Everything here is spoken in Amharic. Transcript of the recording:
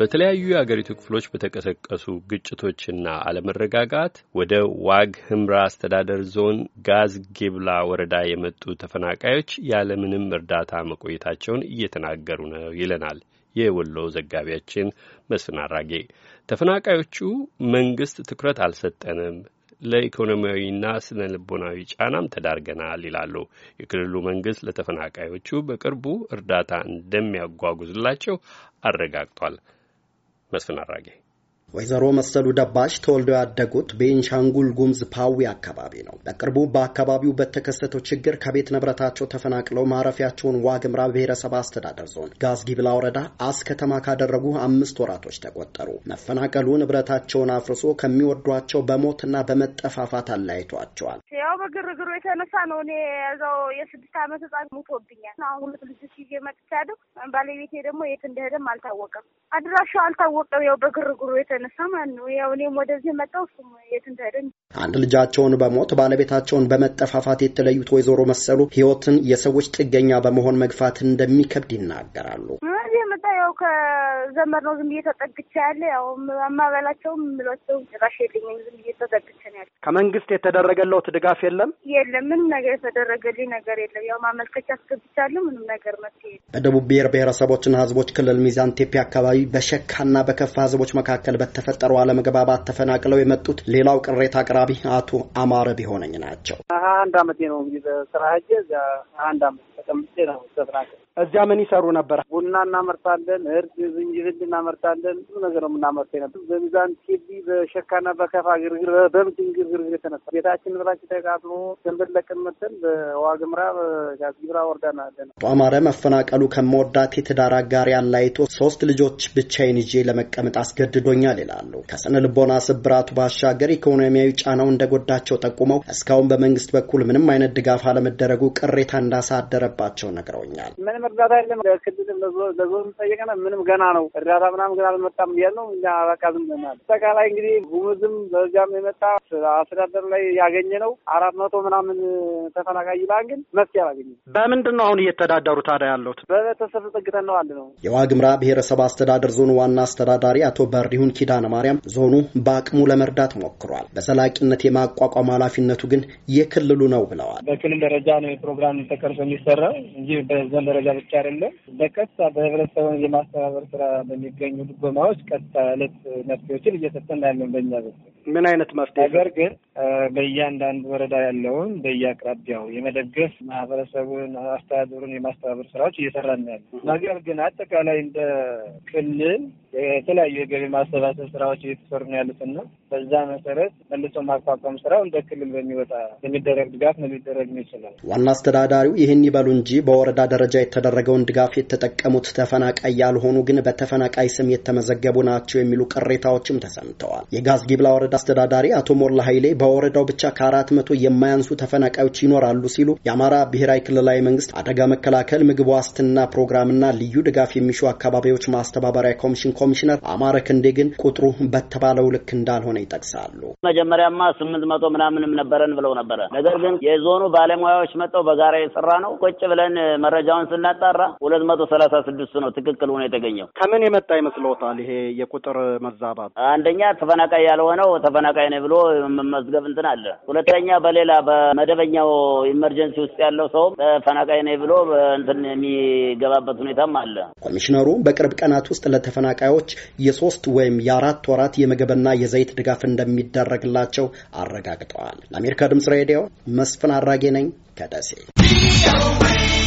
በተለያዩ የአገሪቱ ክፍሎች በተቀሰቀሱ ግጭቶችና አለመረጋጋት ወደ ዋግ ህምራ አስተዳደር ዞን ጋዝ ጌብላ ወረዳ የመጡ ተፈናቃዮች ያለምንም እርዳታ መቆየታቸውን እየተናገሩ ነው ይለናል የወሎ ዘጋቢያችን መስፍን አራጌ። ተፈናቃዮቹ መንግስት ትኩረት አልሰጠንም፣ ለኢኮኖሚያዊና ስነ ልቦናዊ ጫናም ተዳርገናል ይላሉ። የክልሉ መንግስት ለተፈናቃዮቹ በቅርቡ እርዳታ እንደሚያጓጉዝላቸው አረጋግጧል። መስፍን አራጌ ወይዘሮ መሰሉ ደባሽ ተወልደው ያደጉት ቤንሻንጉል ጉሙዝ ፓዊ አካባቢ ነው። በቅርቡ በአካባቢው በተከሰተው ችግር ከቤት ንብረታቸው ተፈናቅለው ማረፊያቸውን ዋግምራ ብሔረሰብ አስተዳደር ዞን ጋዝጊብላ ወረዳ አስ ከተማ ካደረጉ አምስት ወራቶች ተቆጠሩ። መፈናቀሉ ንብረታቸውን አፍርሶ ከሚወዷቸው በሞትና በመጠፋፋት አለያይቷቸዋል። ያው በግርግሩ የተነሳ ነው። እኔ እዛው የስድስት ዓመት ህጻን ሙቶብኛል። አሁን ሁለት ልጆች ይዤ መጥቻለሁ። ባለቤቴ ደግሞ የት እንደሄደም አልታወቀም፣ አድራሻው አልታወቀም። ያው በግርግሩ የተ ተነሳ ማለት ነው። ያው እኔም ወደዚህ መጣሁ፣ እሱም የት እንደሄደ አንድ ልጃቸውን በሞት ባለቤታቸውን በመጠፋፋት የተለዩት ወይዘሮ መሰሉ ህይወትን የሰዎች ጥገኛ በመሆን መግፋት እንደሚከብድ ይናገራሉ። ከዘመድ ነው ዝም ብዬ ተጠግቼ ያለ ያው አማበላቸውም የምሏቸውም ጭራሽ የለኝም። ዝም ብዬ ተጠግቼ ነው ያለ። ከመንግስት የተደረገለት ድጋፍ የለም የለም፣ ምንም ነገር የተደረገልኝ ነገር የለም። ያው ማመልከቻ አስገብቻለሁ፣ ምንም ነገር መፍትሄ በደቡብ ብሔር ብሔረሰቦችና ህዝቦች ክልል ሚዛን ቴፒ አካባቢ በሸካና በከፋ ህዝቦች መካከል በተፈጠሩ አለመግባባት ተፈናቅለው የመጡት ሌላው ቅሬታ አቅራቢ አቶ አማረ ቢሆነኝ ናቸው። አንድ አመቴ ነው እንግዲህ ስራ ሄጄ አንድ አመት ተቀምጬ ነው ተፈናቅለው እዚያ ምን ይሰሩ ነበር? ቡና እናመርታለን፣ እርድ፣ ዝንጅብል እናመርታለን። ብዙ ነገር ነው የምናመርተ ነበር። በሚዛን ቲቪ፣ በሸካና በከፋ ግርግር፣ በምድን ግርግር የተነሳ ቤታችን ንብራችን ተቃጥሎ ገንበድ ለቀመተን በዋግምራ ጋዝጊብራ ወርዳና ያለ አማረ መፈናቀሉ ከመወዳት የትዳር አጋሪ አላይቶ ሶስት ልጆች ብቻዬን ይዤ ለመቀመጥ አስገድዶኛል ይላሉ። ከስነ ልቦና ስብራቱ ባሻገር ኢኮኖሚያዊ ጫናው እንደጎዳቸው ጠቁመው እስካሁን በመንግስት በኩል ምንም አይነት ድጋፍ አለመደረጉ ቅሬታ እንዳሳደረባቸው ነግረውኛል። እርዳታ የለም። ለክልል ለዞን ጠየቅን፣ ምንም ገና ነው እርዳታ ምናምን ግን አልመጣም ብያል ነው እኛ በቃ ዝም ብለናል። አጠቃላይ እንግዲህ ጉሙዝም በዛም የመጣ አስተዳደር ላይ ያገኘ ነው አራት መቶ ምናምን ተፈናቃይ ይላል፣ ግን መፍትሄ አላገኘ። በምንድን ነው አሁን እየተዳደሩ ታዲያ ያለሁት? በቤተሰብ ተጠግተን ነው አለ ነው። የዋግምራ ብሔረሰብ አስተዳደር ዞን ዋና አስተዳዳሪ አቶ በሪሁን ኪዳነ ማርያም ዞኑ በአቅሙ ለመርዳት ሞክሯል፣ በዘላቂነት የማቋቋም ኃላፊነቱ ግን የክልሉ ነው ብለዋል። በክልል ደረጃ ነው የፕሮግራም ተቀርጾ የሚሰራው እንጂ በዞን ደረጃ ብቻ አይደለም፣ በቀጥታ በህብረተሰቡን የማስተባበር ስራ በሚገኙ ድጎማዎች ቀጥታ እለት መፍትሄዎችን እየሰጠን ያለን በእኛ በኩል ምን አይነት መፍትሄ ነገር ግን በእያንዳንዱ ወረዳ ያለውን በየአቅራቢያው የመደገፍ ማህበረሰቡን አስተዳደሩን የማስተባበር ስራዎች እየሰራን ያለ ነገር ግን አጠቃላይ እንደ ክልል የተለያዩ የገቢ ማሰባሰብ ስራዎች እየተሰሩ ነው ያሉት እና በዛ መሰረት መልሶ ማቋቋም ስራው እንደ ክልል በሚወጣ የሚደረግ ድጋፍ ነው ሊደረግ ነው ይችላል። ዋና አስተዳዳሪው ይህን ይበሉ እንጂ በወረዳ ደረጃ የተደረገውን ድጋፍ የተጠቀሙት ተፈናቃይ ያልሆኑ ግን በተፈናቃይ ስም የተመዘገቡ ናቸው የሚሉ ቅሬታዎችም ተሰምተዋል። የጋዝ ጊብላ ወረዳ አስተዳዳሪ አቶ ሞላ ኃይሌ በወረዳው ብቻ ከአራት መቶ የማያንሱ ተፈናቃዮች ይኖራሉ ሲሉ የአማራ ብሔራዊ ክልላዊ መንግስት አደጋ መከላከል ምግብ ዋስትና ፕሮግራምና ልዩ ድጋፍ የሚሹ አካባቢዎች ማስተባበሪያ ኮሚሽን ኮሚሽነር አማረ ክንዴ ግን ቁጥሩ በተባለው ልክ እንዳልሆነ ይጠቅሳሉ። መጀመሪያማ ስምንት መቶ ምናምንም ነበረን ብለው ነበረ። ነገር ግን የዞኑ ባለሙያዎች መጠው በጋራ የሰራ ነው። ቁጭ ብለን መረጃውን ስናጣራ ሁለት መቶ ሰላሳ ስድስት ነው ትክክል ሆኖ የተገኘው። ከምን የመጣ ይመስለታል ይሄ የቁጥር መዛባት አንደኛ ተፈናቃይ ያልሆነው ተፈናቃይ ነው ብሎ መመዝገብ እንትን አለ። ሁለተኛ በሌላ በመደበኛው ኢመርጀንሲ ውስጥ ያለው ሰውም ተፈናቃይ ነው ብሎ እንትን የሚገባበት ሁኔታም አለ። ኮሚሽነሩ በቅርብ ቀናት ውስጥ ለተፈናቃ ተፈናቃዮች የሶስት ወይም የአራት ወራት የምግብና የዘይት ድጋፍ እንደሚደረግላቸው አረጋግጠዋል። ለአሜሪካ ድምጽ ሬዲዮ መስፍን አራጌ ነኝ ከደሴ።